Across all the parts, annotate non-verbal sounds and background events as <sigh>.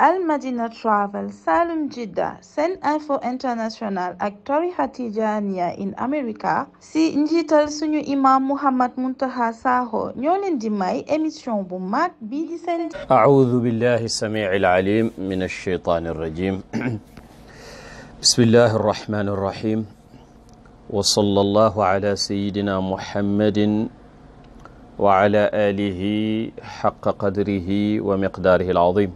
Al Madina Travel Salum Jidda SeneInfo International ak tarixa Tijaaniya in America si njiital suñu imam Muhammad Muntaqa Sakho ñoo leen di may émission bu mag bii di seen audu billahi samiici alalim min alsheytaani arrajim bismillahi arrahmani arrahim wa sallallahu ala sayidina muhammadin wa ala alihi xaqa qadrihi wa miqdaarihi alazim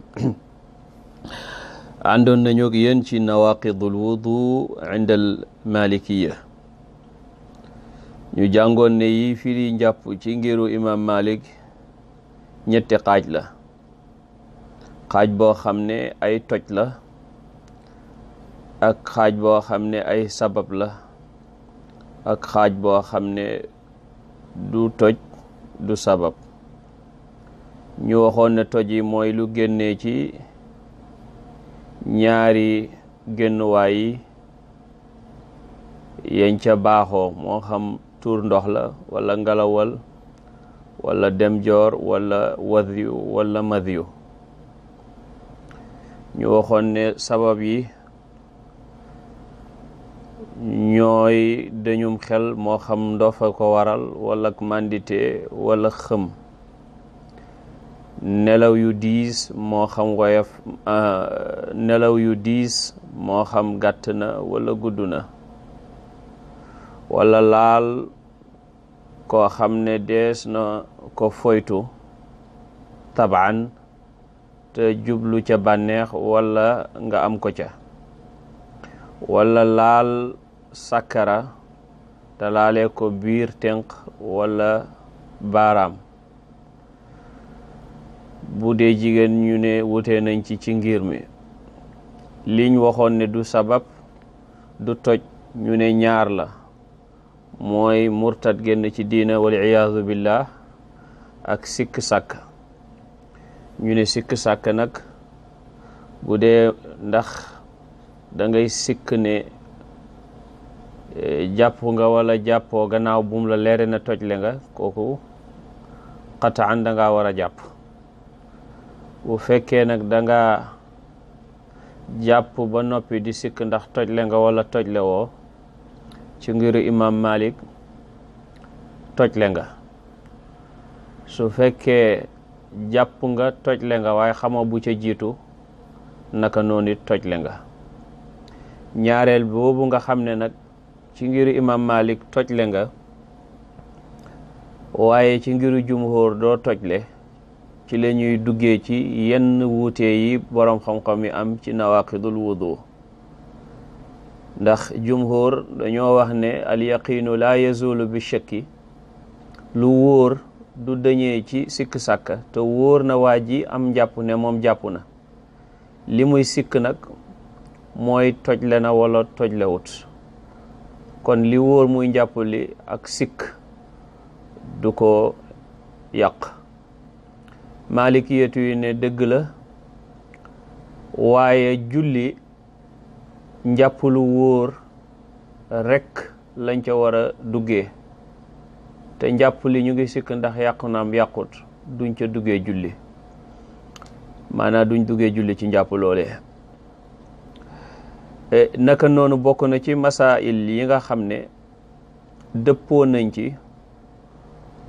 àndoon nañu ak ci nawaqidul wudu inda al malikiya ñu jàngoon ne yi firi njàpp ci ngiru imam malik ñetti xaaj la xaaj boo xam ne ay toj la ak xaaj boo xam ne ay sabab la ak xaaj boo xam ne du toj du sabab ñu waxoon ne toj yi mooy lu génnee ci ñaari génnuwaay yi yañ ca baaxoo moo xam tuur ndox la walla ngalawal wala dem joor wala wadiyu wala madiyu ñu waxoon ne sabab yi ñooy dañum xel moo xam ndofa ko waral wala mandite walla xëm nelaw yu diis moo xam woyof ah, nelaw yu diis moo xam gàtt na wala gudd na wala laal koo xam ne dees na ko foytu tabaan te jublu ca bànneex wala nga am ko ca wala laal sakara te laale ko biir tenq wala baaraam bu dee jigéen ñu ne wutee nañ ci ci ngir mi liñ waxoon ne du sabab du toj ñu ne ñaar la mooy murtad génn ci diina wal iyaazu billah ak sikk sàkk ñu ne sikk sàkk nag bu dee ndax dangay sikk ne eh, jàpp nga wala jàppoo gannaaw buum la leere na toj le nga kooku qataan da ngaa war a jàpp bu fekkee nag danga jàpp ba noppi di sikk ndax tojle nga wala tojle woo ci ngiru imam Malik tojle nga su fekkee jàpp nga tojle nga waaye xamoo bu ca jiitu naka noonu it tojle nga ñaareel boobu nga xam ne nag ci ngiru imam Malik tojle nga waaye ci ngiru jumhur doo tojle ci la ñuy duggee ci yenn wuute yi boroom xam-xam yi am ci nawaqidul wudu ndax jumhur dañoo wax ne al yaqiinu laa yazulu bi shakki lu wóor du dañee ci sikk sàkka te wóor na waa ji am njàpp ne moom jàpp na li muy sikk nag mooy tojle na wala tojlewut kon li wóor muy njàpp li ak sikk du ko yàq maalikiyatu yi ne dëgg la waaye julli njàpp lu wóor rekk lañ ca war a duggee te njàpp li ñu ngi sikk ndax yàqu naam yàqut duñ ca duggee julli maanaam duñ duggee julli ci njàpp loolee e, naka noonu bokk na ci masail yi nga xam ne dëppoo nañ ci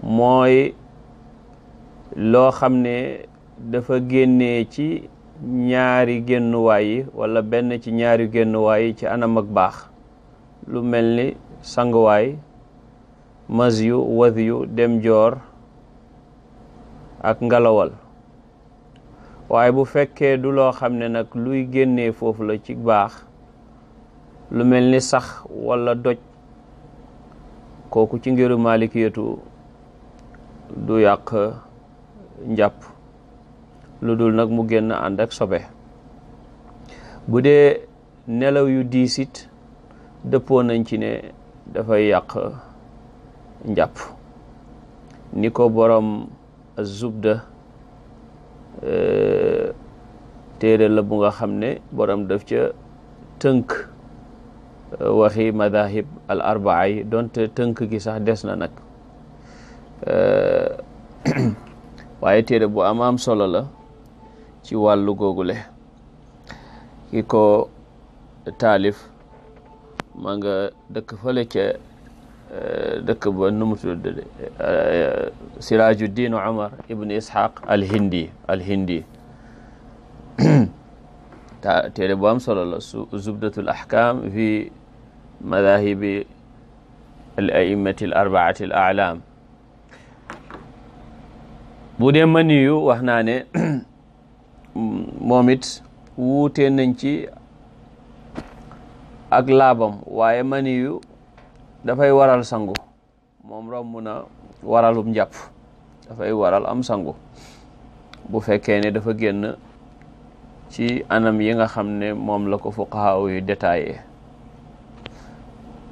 mooy loo xam ne dafa génne ci ñaari génnuwaay yi wala benn ci ñaari génnuwaay yi ci anam ak baax lu mel ni sanguwaay mas yu wad yu dem joor ak ngalawal waaye bu fekkee du loo xam ne nag luy génnee foofu la ci baax lu mel ni sax wala doj kooku ci ngiru maalikiyatu du yàq njàpp lu dul nag mu génn ànd ak sobe bu dee nelaw yu diisit dëppoo nañ ci ne dafay yàq njàpp ni ko borom azubda euh, téere la bu nga xam ne boroom def ca tënk euh, waxi madahib al arbaa yi donte tënk gi sax des na nag euh, <clears throat> waaye téere bu am am solo la ci wàllu googule ki ko taalif ma nga dëkk fole ca eh, dëkk ba nu mu tudd eh, Sirajuddin Omar al-Hindi al <clears throat> téere bu am solo la su zubdatul ahkam fi madahibi al aimati al al a'lam bu dee maniyu wax naa ne <clears throat> moom it wuutee nañ ci ak laabam waaye maniyu dafay waral sangu moom romb na waralum njàpp dafay waral am sangu bu fekkee ne dafa génn ci anam yi nga xam ne moom la ko fuqahaa yu détaillé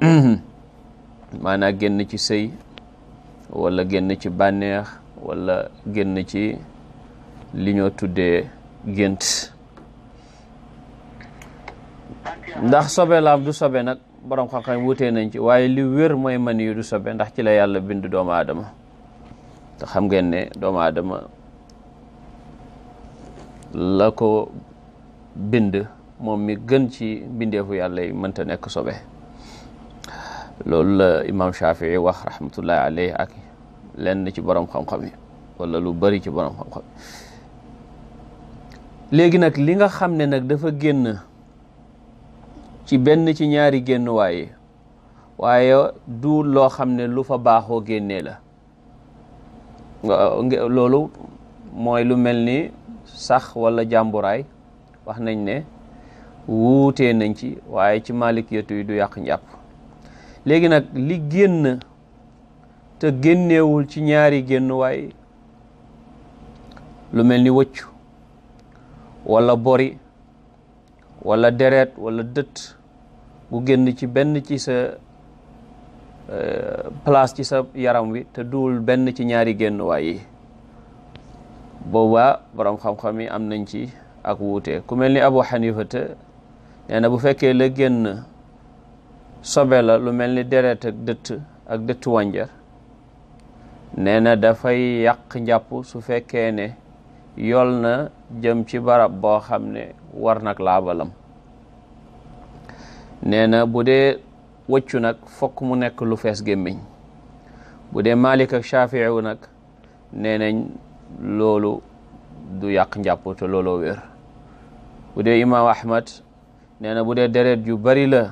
<clears throat> maanaa génn ci sëy wala génn ci bànneex wala génn ci li ñoo tuddee gént ndax sobe laam du sobe nag borom xam-xam wutee nañ ci waaye li wér mooy man yu du sobe ndax ci la yàlla bind doomu aadama te xam ngeen ne doomu adama la ko bind moom mi gën ci bindeefu yàlla yi mënta nekk sobe loolu la imaam Shafii wax rahmatullahi alayhi ak lenn ci borom xam-xam yi wala lu bari ci borom xam-xam léegi nag li nga xam ne nag dafa génn ci benn ci ñaari génn waaye waaye du loo xam ne lu fa baaxoo génnee la loolu mooy lu mel ni sax wala jàmburaay wax nañ ne wuutee nañ ci waaye ci malik yetu yi du yàq njàpp léegi nag li génn te génneewul ci ñaari génnuwaay lu mel ni wëcc walla bori wala deret wala dët gu génn ci benn ci sa euh, place ci sa yaram wi te duwul benn ci ñaari génnuwaay yi booba borom xam-xam yi am nañ ci ak wuute ku mel ni Abu Hanifa te nee bu fekkee la génn sobe la lu mel ni deret ak dëtt ak dëtt wànjar nee na dafay yàq njàpp su fekkee ne yol na jëm ci barab boo xam ne war nag laabalam nee na bu dee wëccu nag fokk mu nekk lu fees gémmiñ bu dee Malik ak nag nee nañ loolu du yàq njàpp te looloo bu dee imaam Ahmad nee na bu dee deret ju bari la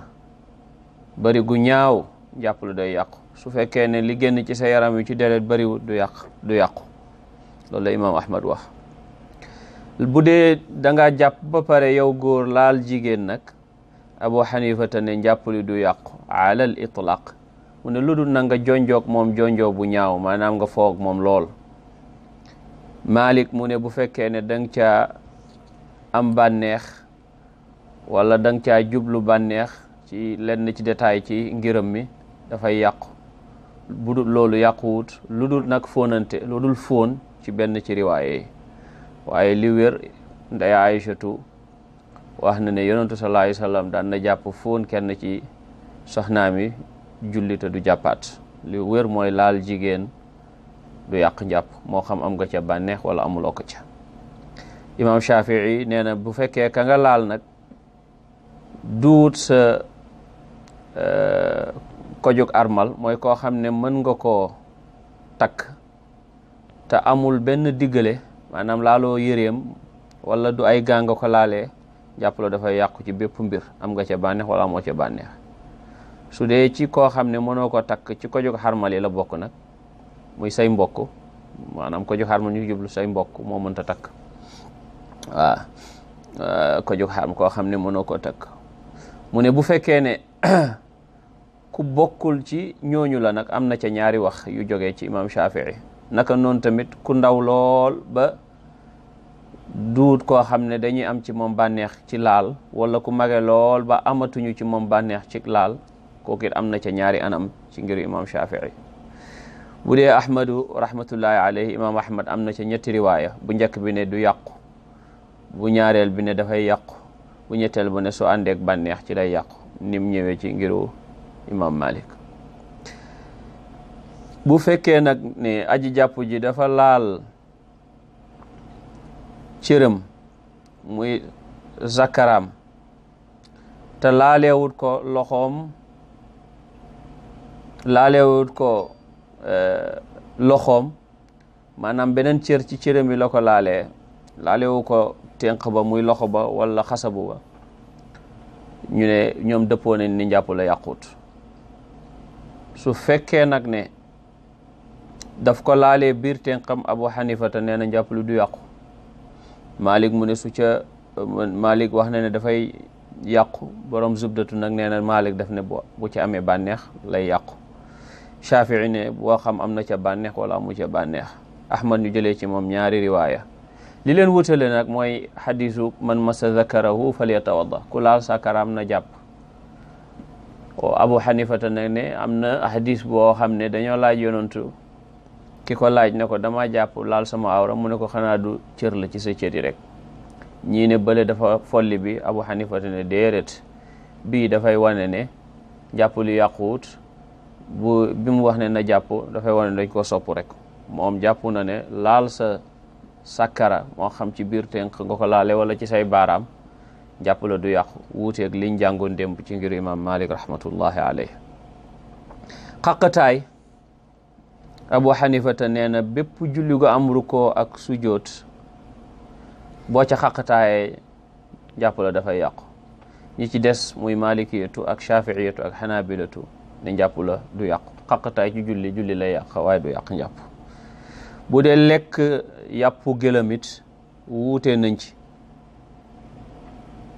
bari gu ñaaw njàpp lu day yàqu su fekkee ne li génn ci sa yaram wi ci deret bariwul du yàq du yàqu loolu la imaam Ahmad wax bu dee da ngaa jàpp ba pare yow góor laal jigéen nag Abu Xanifa te ne njàpp li du yàqu alal itlaq mu ne lu dul na nga jonjoog moom jonjoo bu ñaaw maanaam nga foog moom lool Malik mu ne bu fekkee ne dang ca am bànneex wala da nga caa jublu bànneex ci lenn ci détail ci ngiram mi dafay yàqu bu dul loolu yàquwut lu dul nag fóonante lu dul foon ci benn ci riwaaye yi waaye li wér nday Aysatu wax na ne yonentu sallallahu alayhi wa daan na jàpp foon kenn ci soxnaam yi julli te du jàppaat li wér mooy laal jigéen du yàq njàpp moo xam am nga ca bànneex wala amuloo ko ca imaam Shafii nee bu fekkee ka nga laal nag duut sa euh, kojug armal mooy koo xam ne mën nga koo takk te amul benn diggale maanaam laaloo yëreem wala du ay gaa nga ko laalee jàpp la dafay yàqu ci bépp mbir am nga ca bànneex wala amoo ca bànneex su dee ci koo xam ne mënoo ko takk ci kojug xarmal la bokk nag muy say mbokk maanaam kojug xarmal jublu say mbokk moo mënta takk waaw kojug xarm koo xam ne mënoo ko takk mu ne bu fekkee ne <clears throat> ku bokkul ci ñooñu la nag am na ca ñaari wax yu joge ci imam Shafii naka noonu tamit ku ndaw lool ba duut koo xam ne dañuy am ci moom bànneex ci laal wala ku mage lool ba amatuñu ci moom bànneex ci laal kooku am na ca ñaari anam ci ngir imam Shafii bu dee ahmadu rahmatullahi alayhi imam ahmad am na ca ñetti riwaaya bu njëkk bi ne du yàqu bu ñaareel bi ne dafay yàqu bu ñetteel bu ne soo àndeek bànneex ci lay yàqu nim ñëwee ci ngiru imam malik bu fekkee nag ni aji jàpp ji dafa laal cëram muy zakaraam te laaleewut ko loxoom laaleewut ko uh, loxoom maanaam beneen cër ci cëram bi la ko laalee laalewu ko tenq ba muy loxo ba wala xasabu ba ñu ne ñoom dëppoo ni njàpp la yàquut su fekkee nag ne daf ko laale biir tenqam abu xanifata nee na njàpp du yàqu malik mu ne su ca malik wax na ne dafay yàqu borom zubdatu nag nee na malik daf ne bu ca amee bànneex lay yàqu shafii ne boo xam am na ca bànneex wala amu ca bànneex ahmad ñu jëlee ci moom ñaari riwaaya li leen wutale nag mooy xadisu man masa zakarahu falyatawadda ku laal sakaraam na jàpp abu xanifata nag ne am na hadis boo xam ne dañoo laaj yonantu ki ko laaj ne ko dama jàpp laal sama awra mu ne ko xanaa du cër la ci sa cër yi rek ñii ne bële dafa folli bi abu xanifata ne déeret bii dafay wane ne jàpp lu yàquwut bu bi mu wax ne na jàpp dafay wane dañ ko sopp rek moom jàpp na ne laal sa sakara moo xam ci biir tënk nga ko laale wala ci say baaraam jàppale du yàqu wuuteeg liñ jàngoon démb ci ngir imam malik rahmatullahi alayhi xaqataay abu xanifata nee na bépp julli gu am rukkoo ak sujoot boo ca xaqataayee jàppale dafay yàqu ñi ci des muy malikiyatu ak shafiiyatu ak xanabilatu ne njàppala du yàqu xaqataay ci julli julli lay yàq waaye du yàq njàpp bu de lekk yàppu gëlamit wuutee nañ ci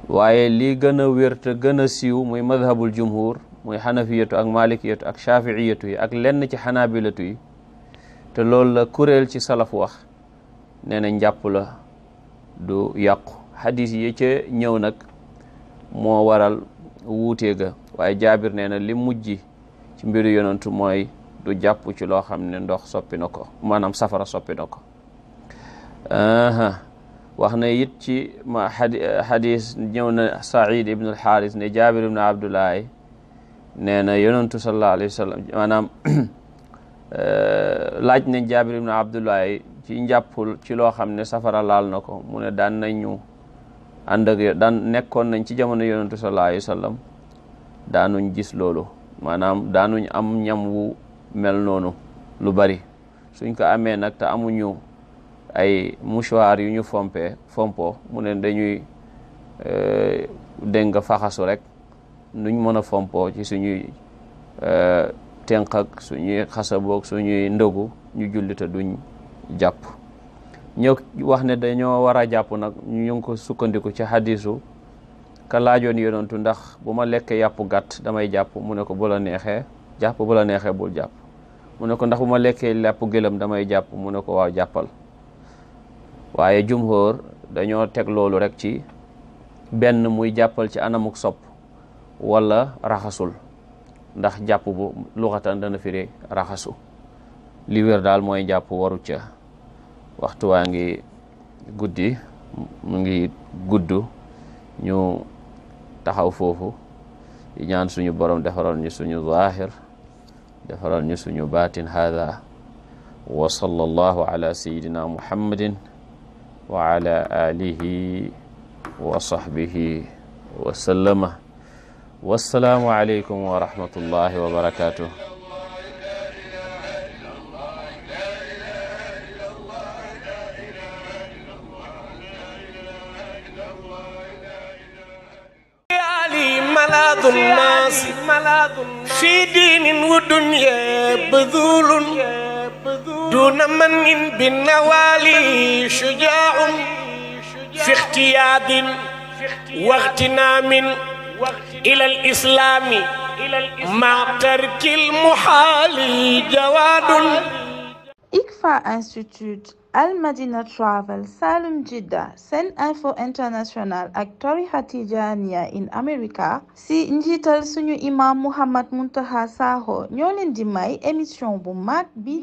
waaye li gën a wér gën a siiw muy madhabul jumhur muy xanafiyatu ak malikiyatu ak shafiiyatu yi ak lenn ci xanaabilatu yi te loolu la kuréel ci salaf wax nee na njàpp la du yàqu xadis yi ca ñëw nag moo waral wuutee ga waaye jaabir nee na li mujji ci mbiru yonantu mooy du jàpp ci loo xam ne ndox soppi na ko maanaam safara soppi na ko wax na it ci ma xadis na said ibn alxaaris ne jabir ibn abdoulahi nee na yonentu sallallahu alayhi wa sallam maanaam <clears throat> eh, laaj na jabir ibn abdoulahi ci njàppul ci loo xam ne safara laal na ko mu ne daan na ñu ak daan nekkoon nañ ci jamono yonentu sallallahu alayhi wa sallam daanuñ gis loolu maanaam daanuñ am ñam wu mel noonu lu bari suñ ko amee nag amu ñu ay mouchoir yu ñu fompe fompo mu ne dañuy euh, dégg nga faxasu rek nuñ mën a fompo ci suñuy euh, tenq ak suñuy xasaboog suñuy ndogu ñu julli duñ jàpp ñoo wax ne dañoo war a jàpp nag ñu ngi ko sukkandiku ci hadisu ka laajoon yonentu ndax bu ma lekkee yàpp gàtt damay jàpp mu ne ko bu neexee jàpp bu neexee bul jàpp mu ne ko ndax bu ma lekkee yàpp gëlëm damay jàpp mu ne ko waaw jàppal waaye jumhur dañoo teg loolu rek ci benn muy jàppal ci anamuk sopp wala raxasul ndax jàpp bu luxatan dana firi raxasu li wér daal mooy jàpp waru ca waxtu waa ngi guddi mu ngi gudd ñu taxaw foofu di ñaan suñu borom defaral ñu suñu zaahir defaral ñu suñu baatin hada wa sallallahu ala sayyidina muhammadin wa ala alihi wa sahbihi wa sallama wassalaamu aleykum wa rahmatullahi wa barakatuh ملاذ الناس في دين ودنيا بذول دون من بالنوالي شجاع في اغتياب واغتنام إلى الإسلام مع ترك المحال جواد ICFA Institute Al Madina Travel Salum Jidda Sen Info International ak tarixa Tijaaniya in America si njiital suñu imam Mouhamed Muntaha Sakho ñoo di may émission bu mat bi